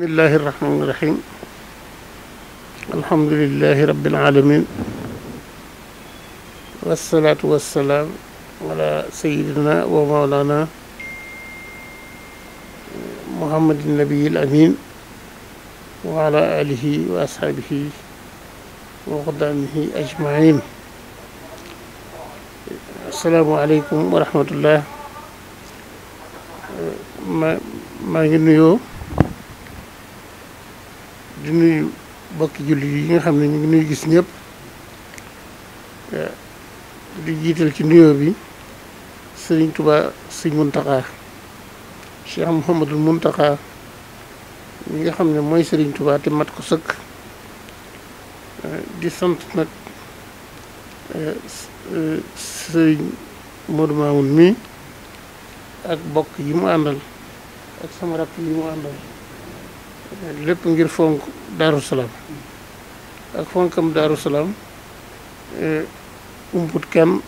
bismillahi irrahmani irrahim alhamdulilahi rabbil alamin wassalaatu wassalaam ala sayidina wa mawlana muhammadin nabiyil amin wa ala alihi wa ashaabihi wa xudaamihi ajmain asalaamu aleykum wa rahmatullah ma maa ngi nuyoo di nuyu bokki julli yi nga xam ne ñu ngi nuy gis ñëpp eh, di jiital ci nuyoo bi sëriñ Tuubaa sëriñ Muntaxaa Cheikh Mouhamadul Muntaxaa nga xam ne mooy sëriñ Tuubaa te mat ko sëkk eh, di sant nag eh, sëriñ Modou Mamoun mi ak bokk yi mu àndal ak sama rakk yi mu àndal lépp ngir fonk daaru salaam ak fonkam daaru salaam e, umput kenn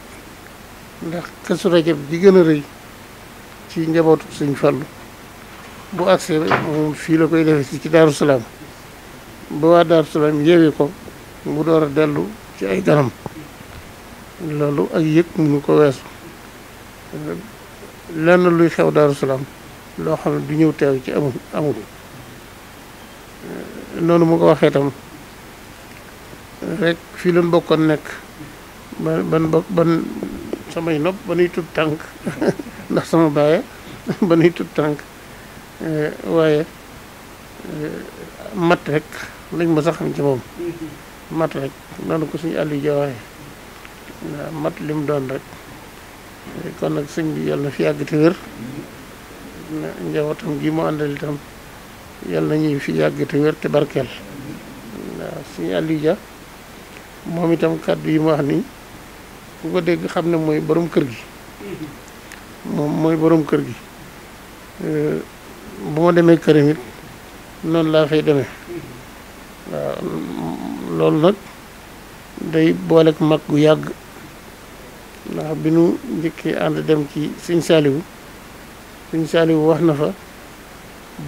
ndax kasu rajab bi gën a rëy ci njabootu suñ fàllu bu agsee moom fii la koy defee ci daaru salaam ba waa daaru salaam yeewi ko mu door a dellu ci ay ganam loolu ak yëg mënu ko weesu lenn luy xew daaru loo xam du ñëw teew ci amul amul noonu mu ko waxee tam rek fii lañ bokkoon nekk ba ban ban samay nopp ba nuy tut tànk ndax sama baaye ba nuy tut tànk eh, waaye eh, mat rek lañ ma sax ci moom mm-hmm. noonu ko suñu àll yi jawaxee mat li doon rek eh, kon nag sëñ bi yàlla na fi yàgg te wér mm-hmm. njabootam gi mu àndal itam yàlla nañu fi yàgg te wér te barkeel waaw suñu moom itam kàddu yi ma wax nii ku ko dégg xam ne mooy boroom kër gi moom mooy boroom kër gi bu ma demee këram it noonu laa fay demee loolu nag day booleeg mag gu yàgg ndax bi nu njëkkee ànd dem ci Sëñ Saaliwu Sëñ Saaliwu wax na fa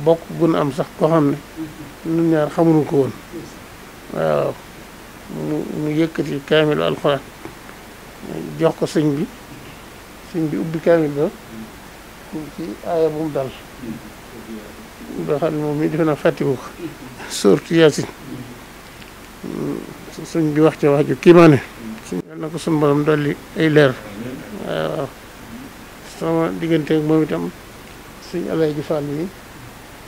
bokk gun am sax koo xam ne ñun ñaar xamuñu ko woon waaw mu mu yëkkati kaamilu alxuraan jox ko sëñ bi sëñ bi ubbi kaamil ba ci aaya bu mu dal boo xam ne moom mi defe na fàttiku ko surtout yaasin sëñ bi wax ca wax ju kiimaane suñ yal na ko suñ borom dolli ay leer waaw sama diggante ak moom itam suñ alay ji yi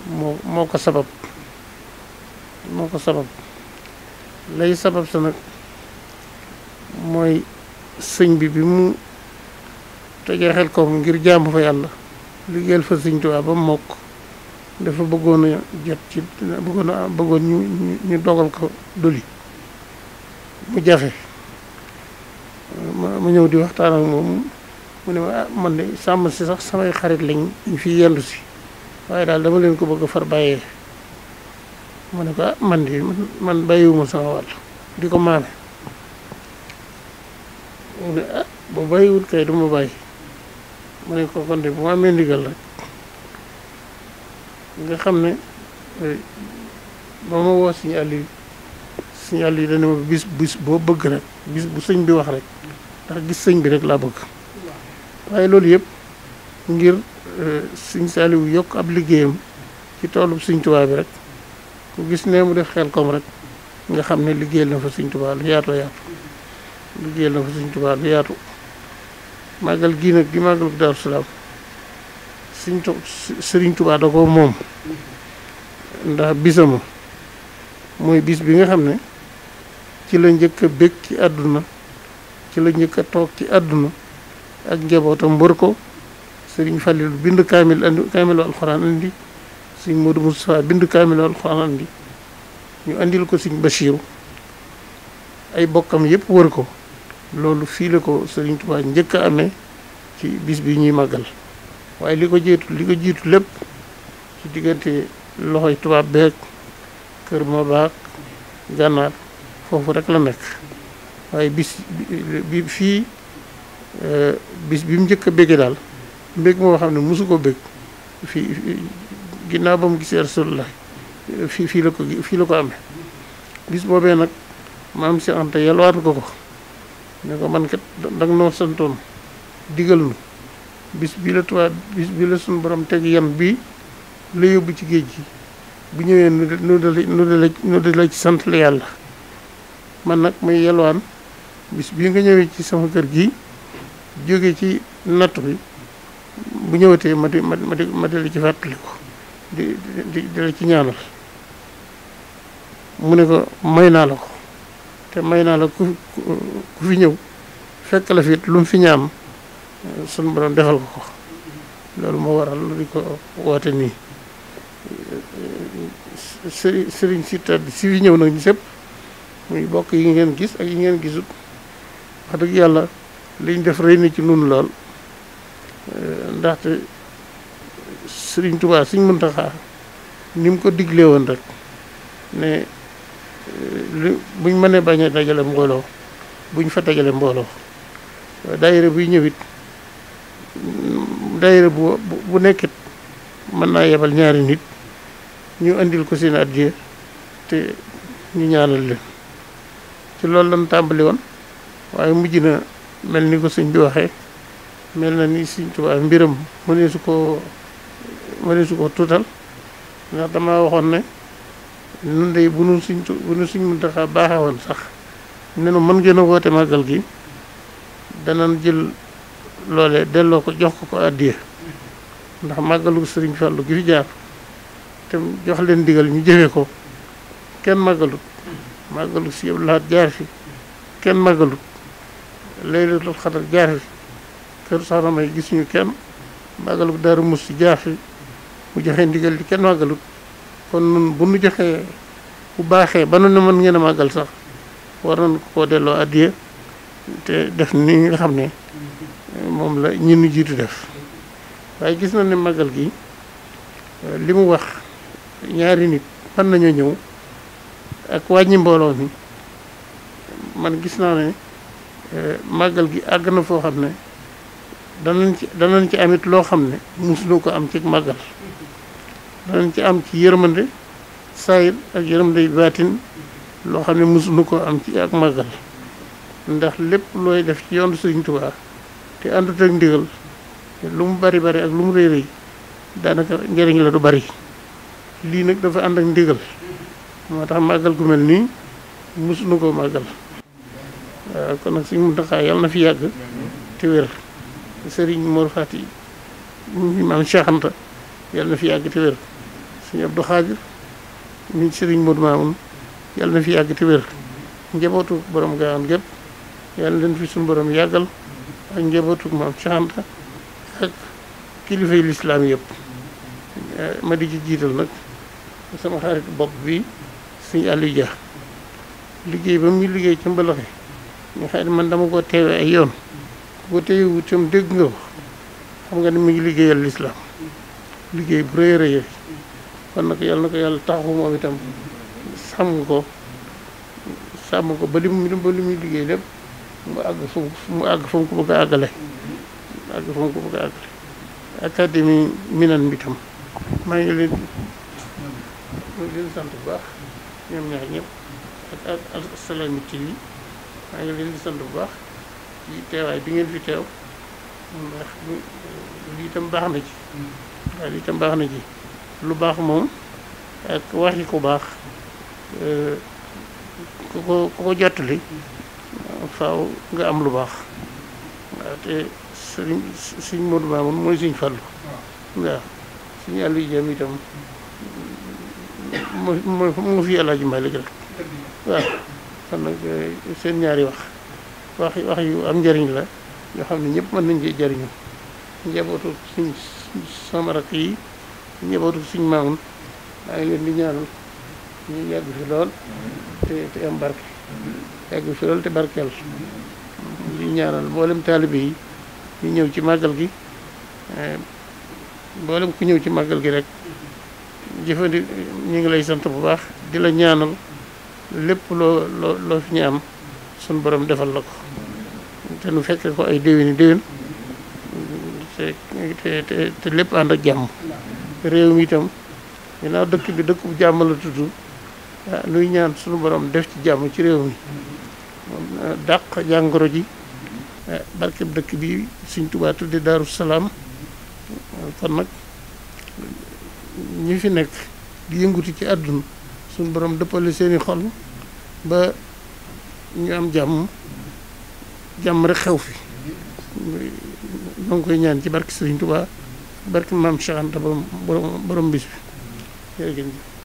moo moo ko sabab moo ko sabab lay sabab sa nag mooy sëñ bi bi mu tegee xel ko ngir jaamu fa yàlla liggéeyal fa sëñ Tuubaa ba mokk dafa bëggoon jot ci bëggoon a bëggoon ñu ñu dogal ko doli mu jafe ma ñëw di waxtaan ak moom mu ne ma ah, man de sàmm si sax samay xarit lañ ñu yendu si waaye daal dama leen ko bëgg a far bàyyee mu ne ko ah man di man bàyyiwuma sama wàll di ko maame mu ne ah, kay du ma bàyyi mu ne ko kon de bu ma amee ndigal rek nga xam ne eh, ba ma woo suñu àll yi suñu àll yi dana bis bis boo bëgg rek bis bu sëñ bi wax rek ndax gis sëñ bi rek laa bëgg waaye loolu yëpp ngir sëñ Saaliwu yokk ab liggéeyam ci toolub sëñ Tuubaa bi rek ku gis ne mu def xel kom rek nga xam ne liggéeyal na fa sëñ Tuubaa lu yaatu yaatu liggéeyal na fa sëñ Tuubaa lu yaatu màggal gii nag di màggalu Daaru Salaam sëñ sëriñ da ko moom ndax bisama mooy bis bi nga xam ne ci la njëkk a bég ci àdduna ci la njëkk a toog ci àdduna ak njabootam wër ko sëriñ Fallil bind kaamil andi kaamil alxuraan andi sëriñ bind kaamil alxuraan andi ñu andil ko sëriñ Bachiru ay bokkam yépp wër ko loolu fii la ko sëriñ Tuubaa njëkk a ci bis bi ñuy màggal waaye li ko jiitu lépp ci diggante loxoy tubaab beeg kër ma baak gànnaar foofu rek la nekk waaye bis bi fii euh, bis bi mu njëkk a béggee daal mbég moo xam ne mosu ko bég fii ginnaaw ba mu gisee la fii fii la ko fii la ko amee bis boobee nag maam si Anta yalwaan ko ko ne ko man kat danga noo santoon digal nu bis bi la tubaab bis bi la suñu borom teg yan bi la yóbbu ci géej gi bu ñëwee nu nu dala nu dala ci sant la yàlla man nag may yalwaan bis bii nga ñëwee ci sama kër gi jóge ci nattu bi bu ñëwatee ma di ma di ma di la ci fàttaliku di di di la ci ñaanal mu ne ko may naa la ko te may naa la ku ku fi ñëw fekk la fit lu mu fi ñaam sun borom defal ko loolu moo waral lu di ko woote nii sëriñ sëriñ si tàdd si fi ñëw nag ñu sëpp muy bokk yi ngeen gis ak yi ngeen gisut wax dëgg yàlla liñ def rëy na ci nun lool Eh, ndaxte sëriñ Tuubaa suñ Muntaxaa ni mu ko digle woon rek ne eh, li buñ mënee bañ a dajale mbooloo buñ fa dajale mbooloo daayira buy ñëwit daayira bu bu nekkit mën naa yebal ñaari nit ñu indil ko seen addiya te ñu ñaanal leen ci loolu la tàmbali woon waaye mujj na mel ni ko suñ bi waxee mel na ni Sëriñ Tuubaa mbiram mënee su ko mënee tuutal ndax dama waxoon ne nun dey bu nu Sëriñ Tuubaa bu nu Sëriñ Muntaxaa sax ne nu mën ngeen a woote màggal gi danañ jël loole delloo ko jox ko ko àddiya ndax màggalu Sëriñ Fallu gi fi jaar te jox leen digal ñu jëfe ko kenn màggalut màggalu si yëpp laat jaar fi kenn màggalut laylatul xadar jaar fi kër Soxna May gisuñu kenn màggalu Daaru ci jaaxi mu joxe ndigal di kenn màggalut kon nun bu nu joxee bu baaxee ba nu ne mën ngeen a màggal sax war nañ koo delloo addiya te def ni nga xam ne moom la ñi nu jiitu def waaye gis na ne màggal gi li mu wax ñaari nit mën nañoo ñëw ak wàññi mbooloo mi man gis naa ne eh, màggal gi àgg na foo xam ne danañ ci danañ ci amit loo xam ne musuloo ko am ci màggal danañ ci am ci yërmande saayir ak yërmande baatin loo xam ne musuloo ko am ci ak màggal ndax lépp looy def ci yoonu Sëriñ Tuubaa te àndut lu mu bari bari ak lu mu réy réy daanaka njëriñ la du bari lii nag dafa ànd ak ndigal moo tax màggal gu mel nii musuñu koo màggal waaw kon nag Sëriñ Muntaxaa yàlla na fi yàgg te wér sëriñ Mor Fati mi maam Cheikh yàlla na fi yàgg te wér sëriñ Abdou Xaadir mi sëriñ Modou Mamoun yàlla na fi yàgg te wér njabootu borom gaawaan gépp yàlla leen fi suñu borom yàggal ak njabootu maam Cheikh Anta ak kilifay lislaam yëpp ma di ci jiital nag sama xarit bopp bi sëriñ Aliou Dia liggéey ba muy liggéey ci mbalaxe nga xam ne man dama ko teewe ay yoon bu téyewu itam dégg nga xam nga ni mu ngi liggéeyal lislaam liggéey bu rëy a rëy kon nag yàlla na ko yàlla taxawu moom itam sàmm ko sàmm ko ba li mu ba li muy liggéey lépp mu àgg fa mu àgg fa mu ko bëgg a àggale àgg fa mu ko bëgg a àggale académie minan bi tam maa ngi leen leen sant bu baax ñoom ñaar ñëpp ak ak Assalaamy maa ngi leen di bu baax ci bi ngeen fi teew ndax tam baax na ci mm. waaw baax na ci lu baax moom ak waxi ku baax eh, ku ko ku ko jottali faaw nga am lu baax waaw te sëriñ sëriñ Modou Mamoun mooy sëriñ Fallu waaw sëriñ Aliou Diame itam mu mu mu fi El Hadj Malick rek waaw kon nag eh, seen ñaari wax wax wax yu am njëriñ la yoo xam ne ñëpp mën nañ ci jariñu njabootu suñ sama rakk yi njabootu suñ maamun maa ngi leen di ñaanal ñu yàgg fi lool te te am barke yàgg fi lool te barkeel di ñaanal mboolem taalibe yi ñu ñëw ci màggal gi eh, mboolem ku ñëw ci màggal gi rek jëfandi ñu ngi lay sant bu baax di ñaanal lépp loo loo loo fi ñu am sunu boroom defal la ko te nu fekkee ko ay déwéni déwén te te lépp ànd ak jàmm réew mi itam ginnaaw dëkk bi dëkk bu jàmm la tudd ah nuy ñaan sunu borom def ci jàmm ci réew mi ah, dàq jàngoro ji ah, barkeb dëkk bi Sëñ Tuubaa tudde Daaru Salaam kon nag ñi fi nekk di yënguti ci àdduna suñu borom dëppale seeni xol ba ñu am jàmm jàmm rek xew fi ñoo koy ñaan ci barke Serigne Touba barke maam Cheikh borom borom bi jërëjëf